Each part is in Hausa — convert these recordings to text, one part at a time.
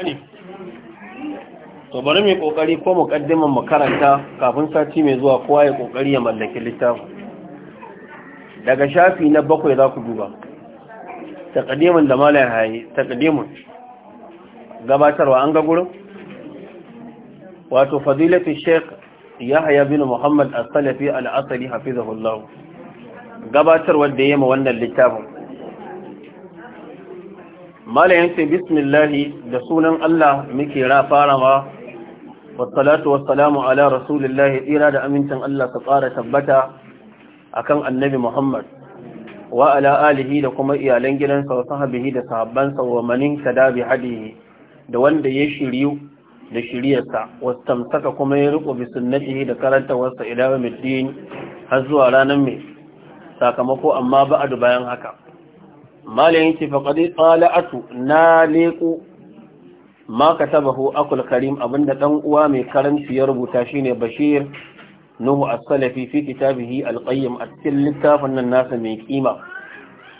alƙur'ani to bari mai ƙoƙari ko muƙaddimin makaranta kafin sati mai zuwa kowa ya ƙoƙari ya mallaki littafin daga shafi na bakwai za ku duba taƙadimin da malar haye taƙadimin gabatarwa an ga gurin wato fadilatu sheikh yahya bin muhammad al-salafi al asli hafizahullah ya da yema wannan littafin malayan ce bismillahi da sunan Allah muke ra farawa wassalatu wassalamu ala rasulillahi tsira da amincin Allah ka tsara tabbata akan annabi Muhammad wa ala alihi da kuma iyalan gidansa wa sahabihi da sahabbansa wa manin kadabi hadihi da wanda ya shiryu da shiryarsa wastamsaka kuma ya riko bi sunnatihi da karanta wasa ila yawmiddin har zuwa ranar mai sakamako amma ba'adu bayan haka malayin ce faƙaɗi tsala'atu na leƙo ma ka taba hu akul karim abinda ɗan uwa mai karanci ya rubuta shine bashir nuhu a salafi fi kitabihi al-qayyim a cikin littafin nan nasa mai kima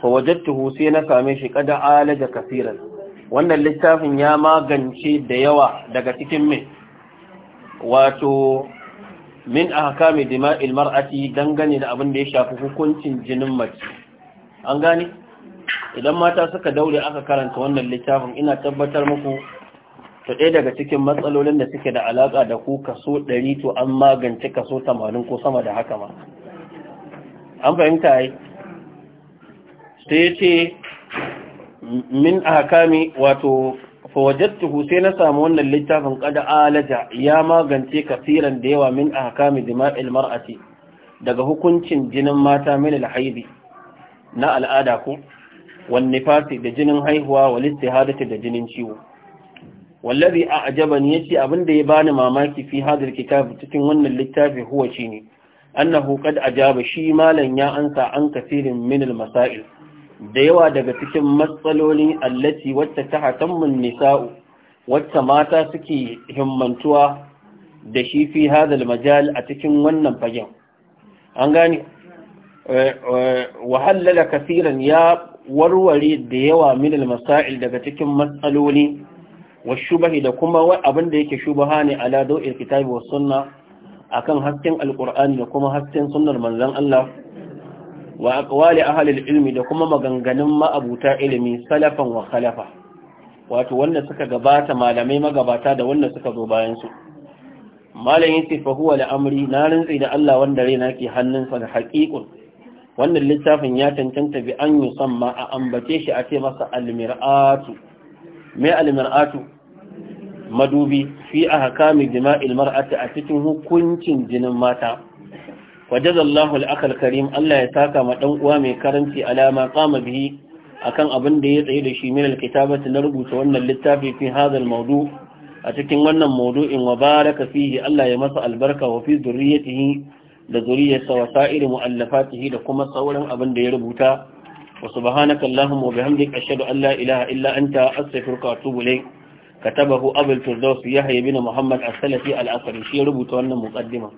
fa wajadtuhu sai na same shi kada alaja kafiran wannan littafin ya magance da yawa daga cikin mai wato min ahkami dima'il mar'ati dangane da abin da ya shafi hukuncin jinin mace an gane idan mata suka daure aka karanta wannan littafin ina tabbatar muku to ɗaya daga cikin matsalolin da suke da alaƙa da ku kaso ɗari to an magance kaso tamanin ko sama da haka ma an fahimta yi sai ce min ahkami wato fawajattuhu sai na samu wannan littafin kada alaja ya magance kafiran da yawa min ahkami dima'il mar'ati daga hukuncin jinin mata min al-haidi na al'ada ko wan nifasi da jinin haihuwa wal istihadati da jinin ciwo wallazi a'jabani yace abinda ya bani mamaki fi hadar kitab cikin wannan littafi huwa ne? annahu qad ajaba shi malan ya ansa an kafirin min masail da yawa daga cikin matsaloli allati wacce ta hatammun nisa'u wacce mata suke himmantuwa da shi fi hadal majal a cikin wannan fagen an gane Eh, eh, wahallala kasiran ya warware da yawa min al-masail daga cikin matsaloli wa shubahi da kuma abin da yake shubaha ne ala dawil kitabi wa sunna akan hasken alqur'ani da kuma hasken sunnar manzon Allah wa aqwali ahli ilmi da kuma maganganun abuta ilimi salafan wa khalafa wato wanda suka gabata malamai magabata da wanda suka zo bayan su malamin sifa huwa amri na rinzi da Allah wanda raina ke hannunsa da haqiqa wannan littafin ya cancanta bi an yi samma a ambace shi a ce masa almir'atu mai almir'atu madubi fi a hakami jima'il mar'ata a cikin hukuncin jinin mata wajen zallahu al'akal karim Allah ya saka ma ɗan uwa mai karanci alama kama bihi akan abin da ya tsaye da shi min alkitabati na rubuta wannan littafi fi hadal maudu a cikin wannan maudu'in wa baraka fihi Allah ya masa albarka wa fi zurriyatihi da zuriyarsa wa sa'ir mu'allafatihi da kuma sauran abin da ya rubuta wa subhanaka allahumma wa bihamdika ashhadu an la ilaha illa anta astaghfiruka wa atubu ilayk katabahu abul firdaus yahya bin muhammad as-salafi al-asri shi rubuta wannan muqaddima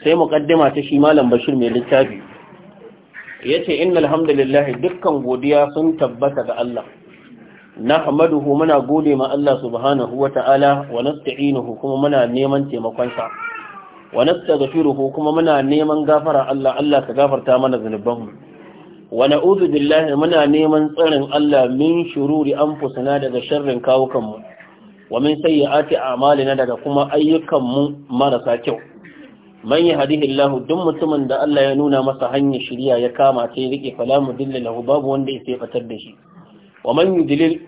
sai muqaddima ta shi malam bashir mai littafi yace inna hamdalillah dukkan godiya sun tabbata ga Allah nahmaduhu muna gode ma Allah subhanahu wa ta'ala wa nasta'inuhu kuma muna neman taimakon sa wa nastaghfiruhu kuma muna neman gafara Allah Allah ka gafarta mana zunubanmu wa na'udhu billahi muna neman tsarin Allah min shururi anfusina daga sharrin kawukanmu wa min sayyiati a'malina daga kuma ayyukanmu marasa kyau man yahdihillahu duk mutumin da Allah ya nuna masa hanyar shiriya ya kama ta rike falamu dillahu babu wanda ya fatar da shi wa man yudlil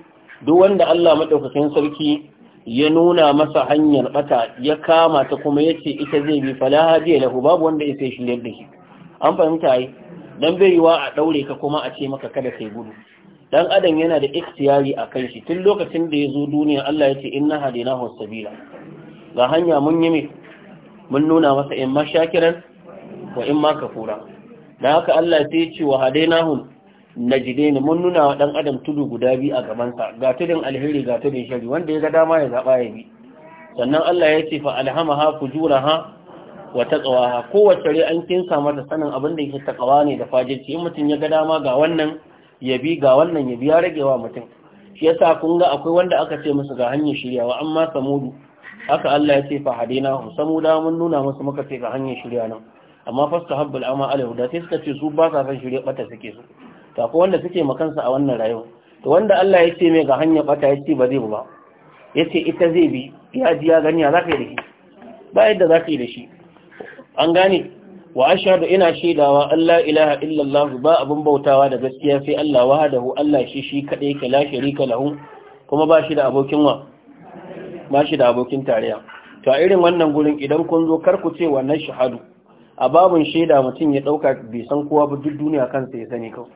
duk wanda Allah madaukakin sarki ya nuna masa hanyar bata ya kama ta kuma ya ce ita zai bi fala ya lahu babu wanda ya sai shiryar da shi an fahimta yi Don baiwa a ɗaure ka kuma a ce maka kada kai gudu dan adam yana da ikhtiyari a kan shi tun lokacin da ya zo duniya Allah ya ce inna hadinahu sabila ga hanya mun yi mai mun nuna masa in ma shakiran wa in ma kafura dan haka Allah sai ya ce wa hadainahu ne mun nuna wa dan adam tudu guda biyu a gabansa ga tudun alheri ga tudun shari wanda ya ga dama ya zaɓa ya bi sannan Allah ya ce fa Alhama ha ku jura ha wa ha, kowace rai an kinsa mata sanin abin da yake takawa ne da fajirci in mutum ya ga dama ga wannan ya bi ga wannan ya bi ya rage wa mutum shi yasa kun ga akwai wanda aka ce musu ga hanyar shiryawa amma samudu haka Allah ya ce fa hadina samuda mun nuna musu muka ce ga hanyar shirya nan amma fastahabbul ama alahu da sai suka ce su ba sa san shirya bata suke su Ka ko wanda suke makansa a wannan rayuwa to wanda Allah ya ce mai ga hanya bata ya ce ba zai ba ya ce ita zai bi ya ji ya gani ya za yi da shi ba yadda za yi da shi an gane wa ashhadu ina shaidawa Allah ilaha Allah ba abun bautawa da gaskiya sai Allah wahdahu Allah shi shi kadai yake la sharika lahu kuma ba shi da abokin wa ba shi da abokin tarayya to a irin wannan gurin idan kun zo kar ku ce wannan shahadu a babun shaida mutum ya dauka bai san kowa ba duk duniya kansa ya sani kawai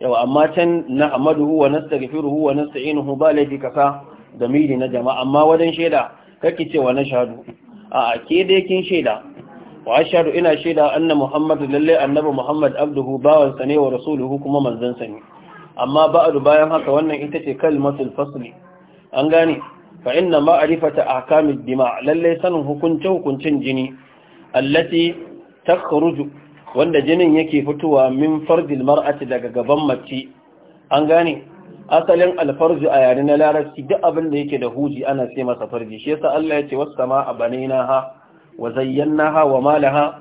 yawa amma can na amaduhu wa nastaghfiruhu wa nasta'inuhu ba laifi kasa da miri na jama'a amma wajen shaida kake cewa na shahadu a ke dai kin shaida wa ashhadu ina shaida anna muhammad lalle annabi muhammad abduhu bawan sa ne wa rasuluhu kuma manzon sa ne amma ba'du bayan haka wannan ita ce kalmatul fasli an gane fa inna ma'rifata ahkamid dima lalle sanin hukunce hukuncin jini allati takhruju wanda jinin yake fitowa min farjil mar'ati daga gaban mace an gane asalin alfarzu a yare na larabci duk abin da yake da huji ana ce masa farji shi yasa Allah ya ce a sama'a ha wa zayyanaha wa malaha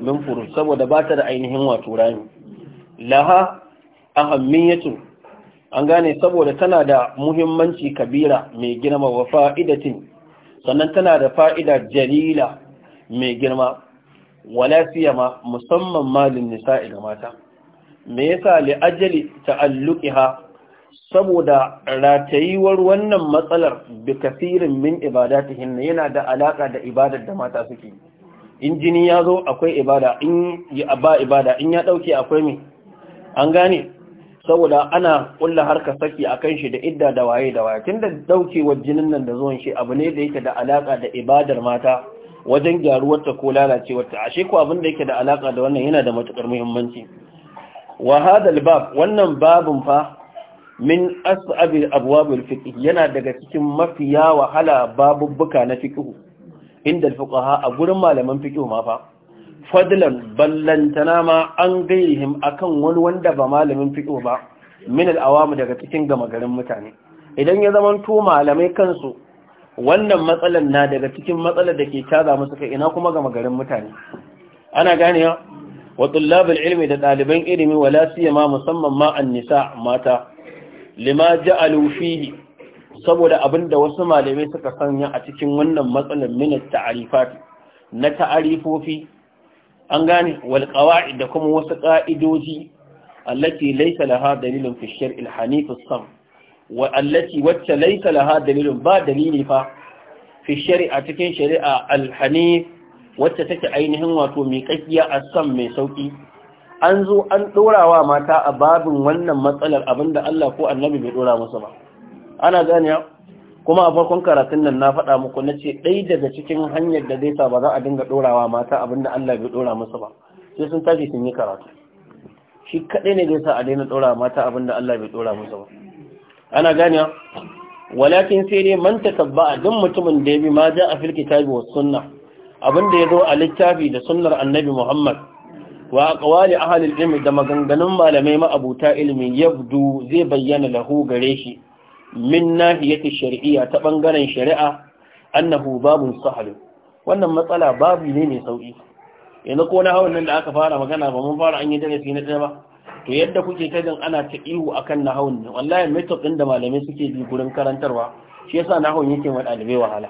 min furu, saboda ba ta da ainihin wato rami laha ahammiyatu an gane saboda tana da muhimmanci kabira mai girma wa fa'idatin sannan tana da fa'ida jalila mai girma wala siyama musamman malin nisa'i ga mata me yasa li ajali ta'alluqiha saboda ratayiwar wannan matsalar bi kasirin min ibadatihin yana da alaka da ibadar da mata suke in jini ya zo akwai ibada in ba ibada in ya dauke akwai me an gane saboda ana kulla harka saki akan shi da idda da waye da waye tunda daukewar jinin nan da zuwan shi abu ne da yake da alaka da ibadar mata wajen gyaruwarta ko lalacewarta ashe ko abin da yake da alaka da wannan yana da matukar muhimmanci wa hadal bab wannan babun fa min as'ab abwabul fiqh yana daga cikin mafiya wahala babubbuka na fiqh inda fuqaha a gurin malaman fiqh ma fa fadlan ballantana ma an gairihim akan wani wanda ba malamin fiqh ba min al-awam daga cikin gama garin mutane idan ya zaman to malamai kansu wannan matsalar na daga cikin matsalar da ke caza musu kai ina kuma ga magarin mutane ana gane wa tullabul ilmi da ɗaliban ilimi wala siyama musamman ma annisa mata lima ja'alu fihi saboda abinda wasu malamai suka sanya a cikin wannan matsalar min ta'arifat na ta'arifofi an gane wal qawaid da kuma wasu ka'idoji allati laysa laha dalilun fi shar'il hanif as-sam wa allati wacce laisa laha dalilun ba dalili fa fi shari'a cikin shari'a alhani wacce take ainihin wato mai kakkiya a san mai sauki an zo an dorawa mata a babin wannan matsalar abinda Allah ko annabi bai dora musu ba ana ganiya kuma a farkon karatun nan na faɗa muku na ce ɗai daga cikin hanyar da zai sa ba za a dinga ɗorawa mata abinda Allah bai ɗora musu ba sai sun tafi sun yi karatu shi kaɗai ne zai sa a daina ɗora mata abinda Allah bai ɗora musu ba ana gane walakin sai dai man takabba duk mutumin da ya bi ma ja fil kitabi was sunna abin da ya zo a littafi da sunnar annabi Muhammad wa aqwali ahli da maganganun malamai ma'abuta ilmi yabdu zai bayyana lahu gare shi min nahiyati shari'a ta bangaren shari'a annahu babun sahal wannan matsala babu ne mai sauki yanzu ko na hawan nan da aka fara magana ba mun fara an yi darasi na ɗaya ba to yadda kuke ta ana ta ihu akan nahawun ne wallahi method din da malamai suke bi gurin karantarwa shi yasa nahawun yake wa dalibai wahala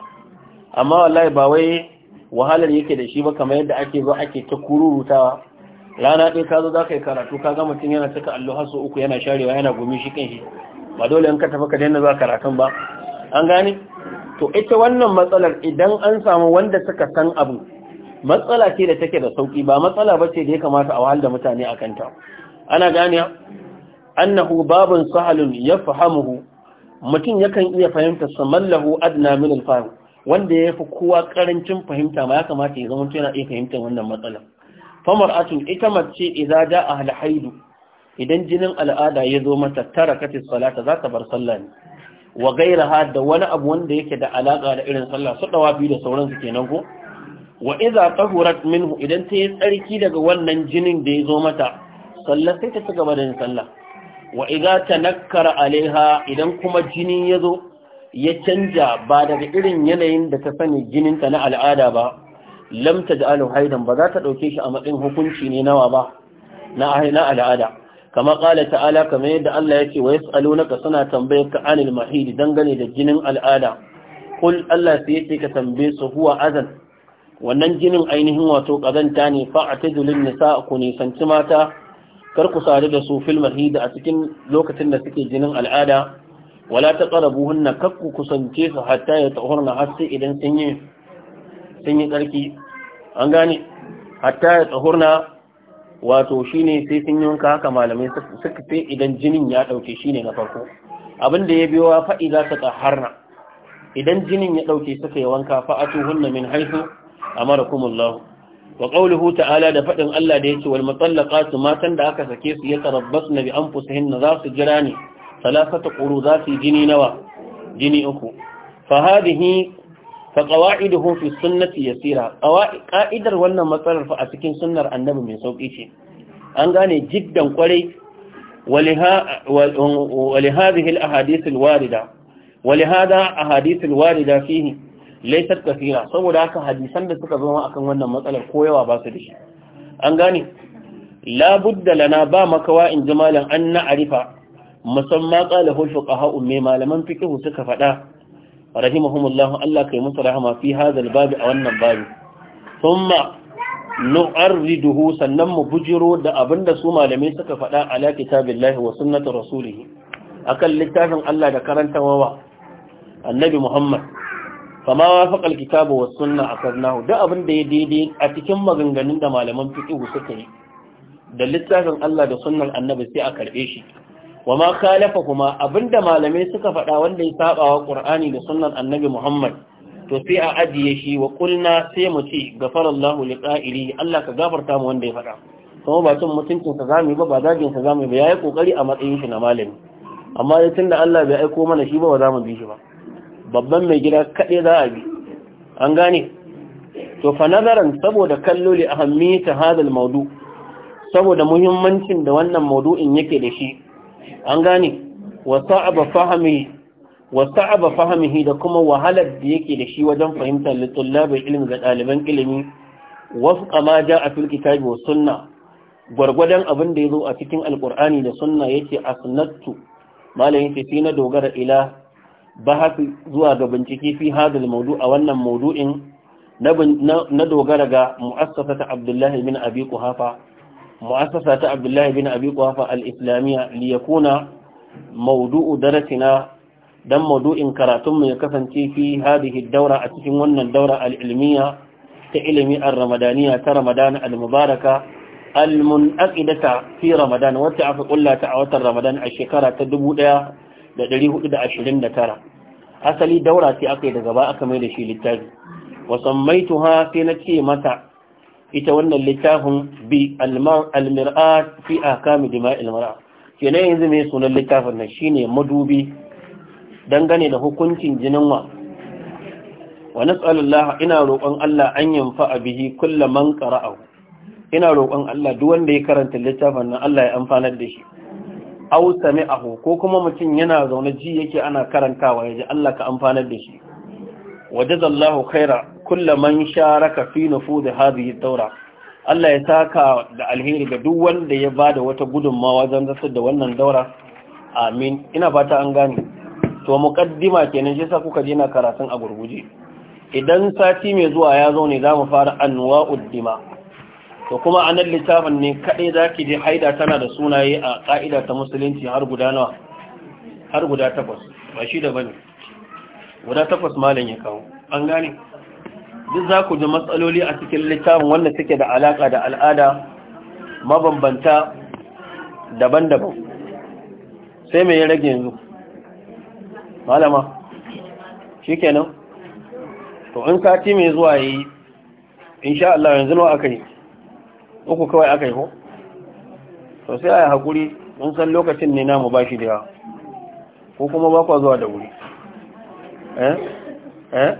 amma wallahi ba wai wahalar yake da shi ba kamar yadda ake zo ake ta kururutawa rana ɗaya ka zo za ka yi karatu ka ga mutum yana cika allo haso uku yana sharewa yana gumi shi kan shi ba dole in ka tafi ka daina za karatun ba an gane to ita wannan matsalar idan an samu wanda suka san abu matsala ce da take da sauki ba matsala ba ce da ya kamata a wahal da mutane a kanta ana gani annahu babun sahalun ya fahamuhu mutum yakan iya fahimta samallahu adna min alfahu wanda ya fi kowa karancin fahimta ma ya kamata ya zama yana iya fahimtar wannan matsalar famar atun ita mace idza da'a alhaidu idan jinin al'ada ya zo mata kati salata za ta bar sallah ne wa gairaha da wani abu wanda yake da alaka da irin sallah su dawa biyu da sauransu kenan ko wa idza tahurat minhu idan ta yi tsarki daga wannan jinin da ya zo mata sallar sai ta ci gaba da yin sallah wa idza tanakkara alaiha idan kuma jini yazo ya canja ba daga irin yanayin da ta sani jinin ta na al'ada ba lam taj'alu haidan ba za ta dauke shi a matsayin hukunci ne nawa ba na al'ada kama kala ta'ala kamar yadda Allah ya ce wa yas'alunaka suna tambayar ka anil mahidi dangane da jinin al'ada kul Allah sai yace ka tambaye su huwa azan wannan jinin ainihin wato kazanta ne fa atadulun nisa ku nisanci mata kar ku sadu da su fil mahida a cikin lokacin da suke jinin al'ada wala ta taqrabuhunna kar ku kusance su hatta ya tahurna har sai idan sun yi sun yi tsarki an gane hatta ya tahurna wato shine sai sun yi wanka haka malamai suka sai idan jinin ya dauke shine na farko abin da ya biyo wa fa'i za ta taharna idan jinin ya dauke suka yi wanka fa'atuhunna min haythu amarakumullahu wa qawluhu ta'ala da fadin Allah da yake wal mutallaqatu matan da aka sake su ya tarabbasna bi anfusihinna za su jira ne salasata quru za su jini nawa jini uku fa hadhihi fa qawaiduhu fi sunnati yasira qa'idar wannan matsalar fa a cikin sunnar annabi mai sauki ce an gane jiddan kwarai ولهذه الأحاديث الواردة ولهذا أحاديث الواردة فيه laisar kasira saboda haka hadisan da suka zama akan wannan matsalar koyawa ba su da shi an gane labudda lana ba makawa in ji malam an na'arifa musamman qala hu fuqaha umme malaman fiqh suka faɗa rahimahumullah Allah kai musu rahama fi hadal babi a wannan babi thumma nu'arriduhu sannan mu bujiro da abinda su malamai suka faɗa ala kitabillahi wa sunnati rasulih akan littafin Allah da karantawa annabi Muhammad fama wa faƙal wa sunna a karnahu da abin da ya daidai a cikin maganganun da malaman fiƙihu suka yi da littafin Allah da sunnar annabi sai a karɓe shi wa ma kuma abinda malamai suka faɗa wanda ya saba wa ƙur'ani da sunnar annabi Muhammad to sai a ajiye shi wa kulna sai mu ce gafarallahu liqa'ili Allah ka gafarta mu wanda ya faɗa kuma ba cin mutuncin sa zamu ba ba zagin sa zamu ba yayi kokari a matsayin shi na malami amma tunda Allah bai aiko mana shi ba ba za mu bi shi ba babban mai gida kaɗai za a bi an gane to fa nazarin saboda kallo li ahammiyata hadal maudu saboda muhimmancin da wannan maudu'in yake da shi an gane Wasu sa'aba da kuma wahalar da yake da shi wajen fahimtar litullabi ilimi ga ɗaliban ilimi wafqa ma a fil kitabi was sunnah gwargwadon abin da ya zo a cikin alkur'ani da sunna ya ce asnattu malam na dogara ila bahas zuwa ga bincike fi hadal maudu a wannan maudu'in na dogara ga mu'assasa ta abdullahi bin abi kuhafa mu'assasa ta abdullahi bin abi kuhafa al-islamiyya li yakuna maudu'u darasina dan maudu'in karatun mu ya kasance fi hadhihi daura a cikin wannan daura al-ilmiyya ta ilimi ar-ramadaniya ta ramadan al-mubaraka al-munaqidata fi ramadan wacce aka kullata a watan ramadan a shekara ta 1000 da ɗari hudu da ashirin da tara asali daura sai aka yi daga ba aka mai da shi littafi wasan maitu ha sai na ce mata ita wannan littafin bi almir'a fi akami dima'il mar'a kenan yanzu mai sunan littafin nan shine madubi dangane da hukuncin jinin wa wa nas'alullah ina roƙon Allah an yanfa bihi kullum man qara'ahu ina roƙon Allah duk wanda ya karanta littafin nan Allah ya amfanar da shi aw sami'ahu ko kuma mutum yana zaune ji yake ana karantawa yaji Allah ka amfanar da shi zallahu khaira kullu man sharaka fi nufud hadhihi ad-dawra Allah ya saka da alheri ga duk wanda ya bada wata gudunmawa zan zasar da wannan daura amin ina fata an gane to muqaddima kenan shi yasa kuka je na karatun a gurguje idan sati mai zuwa ya zo ne mu fara anwa'ud dima to kuma anan littafin ne kaɗai za ki je haida tana da sunaye a ƙa'ida ta musulunci har guda nawa har guda takwas ba shi da bane guda takwas malam ya kawo an gane duk za ku ji matsaloli a cikin littafin wanda suke da alaƙa da al'ada mabambanta daban-daban sai mai ya rage yanzu malama shi kenan to in sati mai zuwa yi insha Allah yanzu nawa aka yi uku kawai aka yi ko to sai a yi haƙuri mun san lokacin ne namu ba shi da yawa ko kuma ba kwa zuwa da wuri eh eh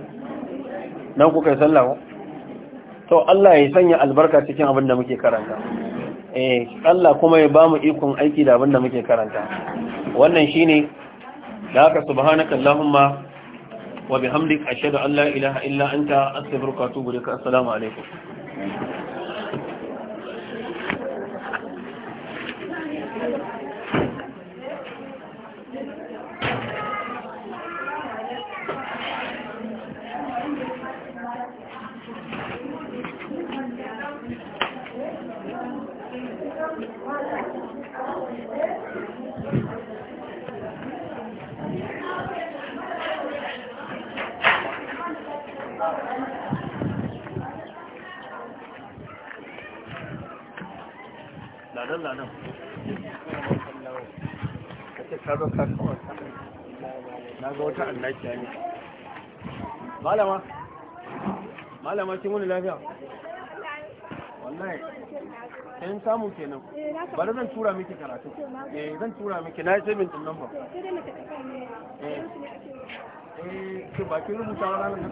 dan kuka yi sallah ko to Allah ya sanya albarka cikin abin da muke karanta eh Allah kuma ya ba mu ikon aiki da abin da muke karanta wannan shine da haka subhanaka allahumma wa bihamdika ashhadu an la ilaha illa anta astaghfiruka wa atubu ilaik assalamu alaikum sallah nan kace ka na ga wata annaki ne malama malama kin wani lafiya wallahi samu kenan bari zan tura miki karatu eh zan tura miki na sai mintin nan ba eh ba rubuta wa ranar nan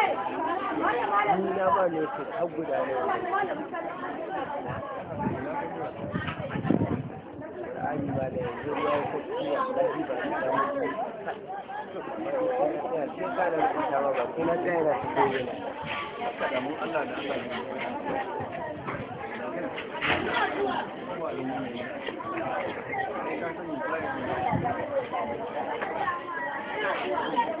ni na ba ne ke har guda ne ra'ayi ba da ya ya ba da da rubuta ba ba na tsaya da da ne Thank you.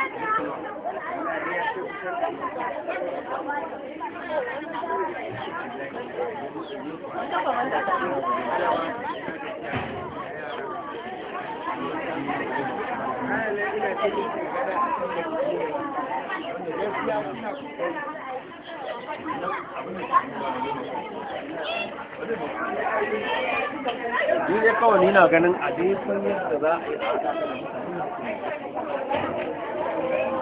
Duk ya kawai nina ganin a dai sun yadda za a yi a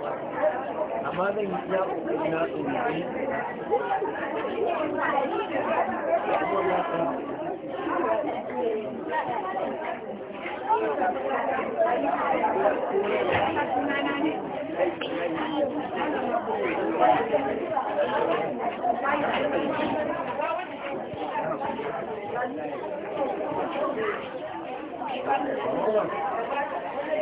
amma zan yi ya ƙoƙari na tsoron Thank you.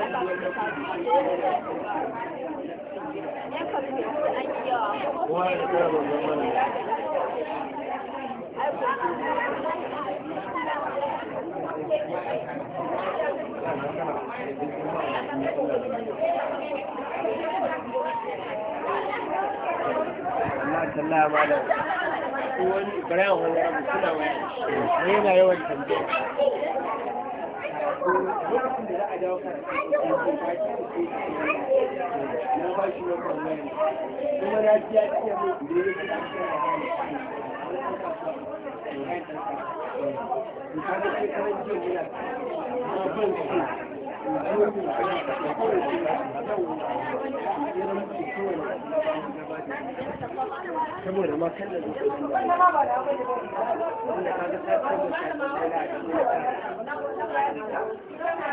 Allah ba da wani bayan wani abu suna wani yana yawan tambaya saboda ma kallon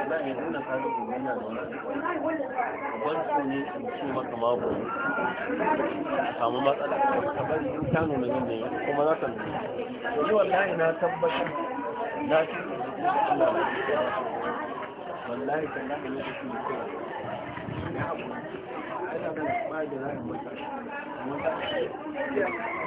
ba ne nuna kaga domin na zaune ban su ne in ce maka babu a samu matsala ka bari in ta nuna yin ne kuma za ta nuna ni wallahi na tabbatar na shi Allah wallahi kan nan ne shi ne na abu ana ba da ra'ayin mutane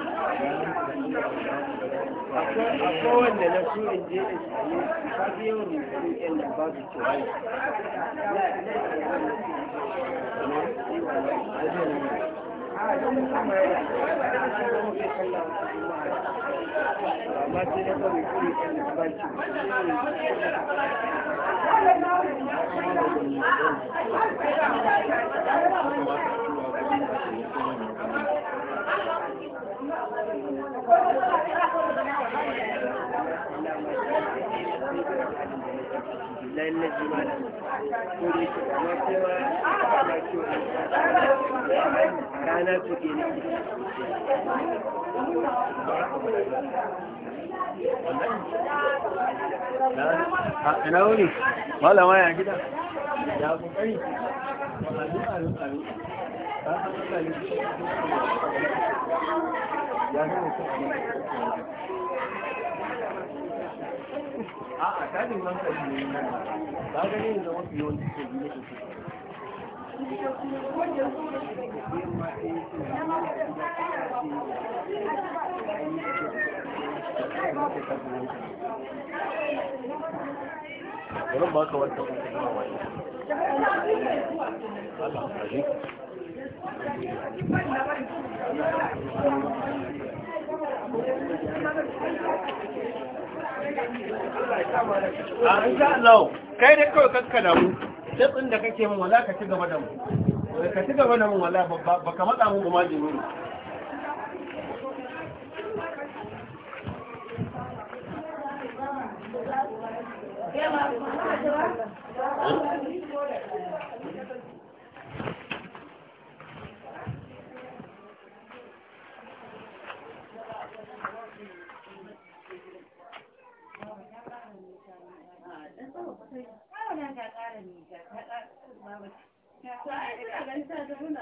a kowanne na su in je in sami kafi yawan rubutun yan da ba su kyau amma sai kai kawai yan da ba rana ina wuni malama ya gida ya kokari ba a duk a duk a a'a tajin hankali ne na ba gani ne zama fiye wani ke biyu da su Yaron ba ka wata wata a insha Allah kai da kawai kakkana mu tsatsin da kake min wala ka ci gaba da mu ka ci gaba da mu wala ba ka matsa mu kuma jini Thank babu. Ya kuwa ai suna